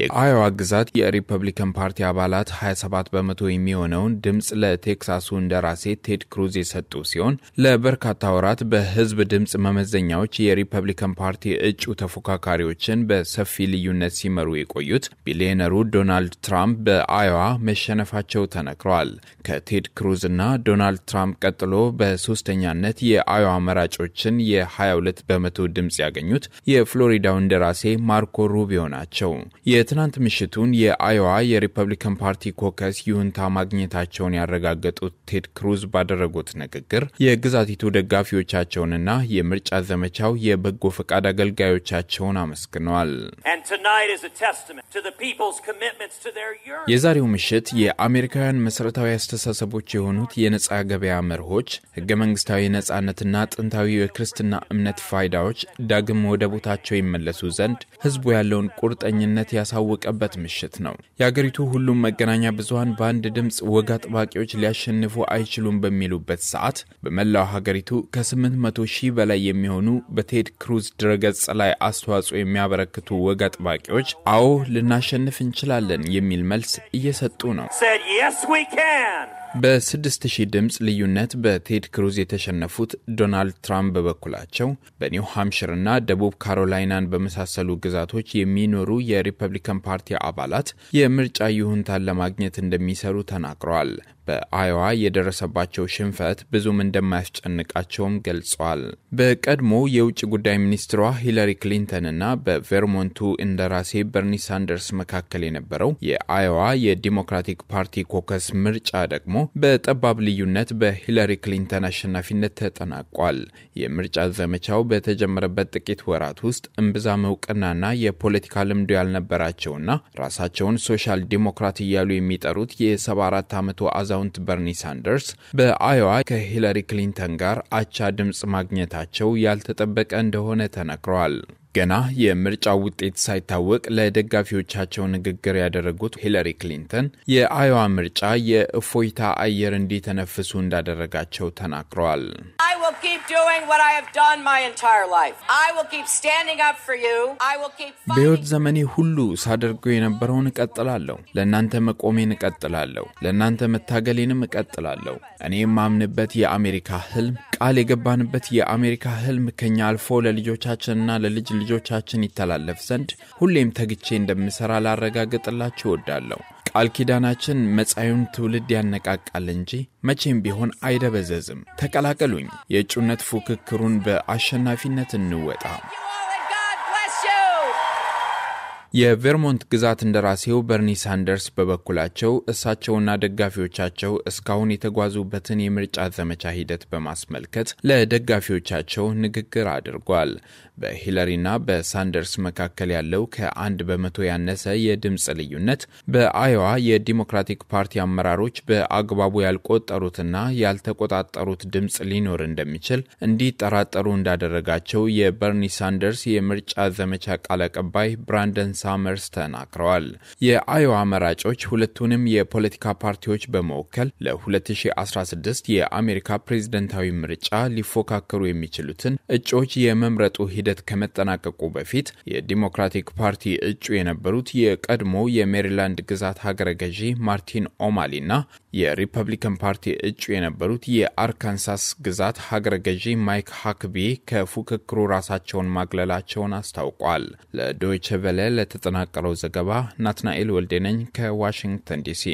የአዮዋ ግዛት የሪፐብሊካን ፓርቲ አባላት 27 በመቶ የሚሆነውን ድምፅ ለቴክሳሱ እንደራሴ ቴድ ክሩዝ የሰጡ ሲሆን ለበርካታ ወራት በህዝብ ድምፅ መመዘኛዎች የሪፐብሊካን ፓርቲ እጩ ተፎካካሪዎችን በሰፊ ልዩነት ሲመሩ የቆዩት ቢሊዮነሩ ዶናልድ ትራምፕ በአዮዋ መሸነፋቸው ተነግረዋል። ከቴድ ክሩዝ እና ዶናልድ ትራምፕ ቀጥሎ በሶስተኛነት የአዮዋ መራጮችን የ22 በመቶ ድምፅ ያገኙት የፍሎሪዳው እንደራሴ ማርኮ ሩቢዮ ናቸው። የትናንት ምሽቱን የአዮዋ የሪፐብሊካን ፓርቲ ኮከስ ይሁንታ ማግኘታቸውን ያረጋገጡት ቴድ ክሩዝ ባደረጉት ንግግር የግዛቲቱ ደጋፊዎቻቸውንና የምርጫ ዘመቻው የበጎ ፈቃድ አገልጋዮቻቸውን አመስግነዋል። የዛሬው ምሽት የአሜሪካውያን መሠረታዊ አስተሳሰቦች የሆኑት የነጻ ገበያ መርሆች፣ ህገ መንግስታዊ ነጻነትና ጥንታዊ የክርስትና እምነት ፋይዳዎች ዳግም ወደ ቦታቸው ይመለሱ ዘንድ ህዝቡ ያለውን ቁርጠኝነት ያሳ ያስታወቀበት ምሽት ነው። የአገሪቱ ሁሉም መገናኛ ብዙሀን በአንድ ድምፅ ወግ አጥባቂዎች ሊያሸንፉ አይችሉም በሚሉበት ሰዓት በመላው ሀገሪቱ ከ800 ሺህ በላይ የሚሆኑ በቴድ ክሩዝ ድረገጽ ላይ አስተዋጽኦ የሚያበረክቱ ወግ አጥባቂዎች አዎ ልናሸንፍ እንችላለን የሚል መልስ እየሰጡ ነው። በስድስት ሺህ ድምፅ ልዩነት በቴድ ክሩዝ የተሸነፉት ዶናልድ ትራምፕ በበኩላቸው በኒው ሃምሽርና ደቡብ ካሮላይናን በመሳሰሉ ግዛቶች የሚኖሩ የሪፐብሊካን ፓርቲ አባላት የምርጫ ይሁንታን ለማግኘት እንደሚሰሩ ተናግረዋል። በአዮዋ የደረሰባቸው ሽንፈት ብዙም እንደማያስጨንቃቸውም ገልጿል። በቀድሞ የውጭ ጉዳይ ሚኒስትሯ ሂለሪ እና በቬርሞንቱ እንደራሴ በርኒ ሳንደርስ መካከል የነበረው የአዮዋ የዲሞክራቲክ ፓርቲ ኮከስ ምርጫ ደግሞ በጠባብ ልዩነት በሂለሪ ክሊንተን አሸናፊነት ተጠናቋል። የምርጫ ዘመቻው በተጀመረበት ጥቂት ወራት ውስጥ እምብዛም እውቅናና የፖለቲካ ልምዱ ያልነበራቸውና ራሳቸውን ሶሻል ዲሞክራት እያሉ የሚጠሩት የ74 ዓመቱ አዛ አዛውንት በርኒ ሳንደርስ በአዮዋ ከሂለሪ ክሊንተን ጋር አቻ ድምፅ ማግኘታቸው ያልተጠበቀ እንደሆነ ተነግረዋል። ገና የምርጫው ውጤት ሳይታወቅ ለደጋፊዎቻቸው ንግግር ያደረጉት ሂለሪ ክሊንተን የአዮዋ ምርጫ የእፎይታ አየር እንዲተነፍሱ እንዳደረጋቸው ተናግረዋል። በሕይወት ዘመኔ ሁሉ ሳደርገው የነበረውን እቀጥላለሁ። ለእናንተ መቆሜን እቀጥላለሁ። ለእናንተ መታገሌንም እቀጥላለሁ። እኔ የማምንበት የአሜሪካ ህልም፣ ቃል የገባንበት የአሜሪካ ህልም ከኛ አልፎ ለልጆቻችንና ለልጅ ልጆቻችን ይተላለፍ ዘንድ ሁሌም ተግቼ እንደምሠራ ላረጋግጥላችሁ እወዳለሁ። ቃል ኪዳናችን መጻዩን ትውልድ ያነቃቃል እንጂ መቼም ቢሆን አይደበዘዝም። ተቀላቀሉኝ። የእጩነት ፉክክሩን በአሸናፊነት እንወጣ። የቬርሞንት ግዛት እንደራሴው በርኒ ሳንደርስ በበኩላቸው እሳቸውና ደጋፊዎቻቸው እስካሁን የተጓዙበትን የምርጫ ዘመቻ ሂደት በማስመልከት ለደጋፊዎቻቸው ንግግር አድርጓል። በሂለሪና በሳንደርስ መካከል ያለው ከአንድ በመቶ ያነሰ የድምፅ ልዩነት በአዮዋ የዲሞክራቲክ ፓርቲ አመራሮች በአግባቡ ያልቆጠሩትና ያልተቆጣጠሩት ድምፅ ሊኖር እንደሚችል እንዲጠራጠሩ እንዳደረጋቸው የበርኒ ሳንደርስ የምርጫ ዘመቻ ቃል አቀባይ ብራንደን ሳመርስ ተናግረዋል። የአዮዋ መራጮች ሁለቱንም የፖለቲካ ፓርቲዎች በመወከል ለ2016 የአሜሪካ ፕሬዝደንታዊ ምርጫ ሊፎካከሩ የሚችሉትን እጩዎች የመምረጡ ሂደት ከመጠናቀቁ በፊት የዲሞክራቲክ ፓርቲ እጩ የነበሩት የቀድሞ የሜሪላንድ ግዛት ሀገረ ገዢ ማርቲን ኦማሊ የሪፐብሊካን ፓርቲ እጩ የነበሩት የአርካንሳስ ግዛት ሀገረ ገዢ ማይክ ሀክቢ ከፉክክሩ ራሳቸውን ማግለላቸውን አስታውቋል። ለዶይቸ ቬለ ለተጠናቀረው ዘገባ ናትናኤል ወልዴነኝ ከዋሽንግተን ዲሲ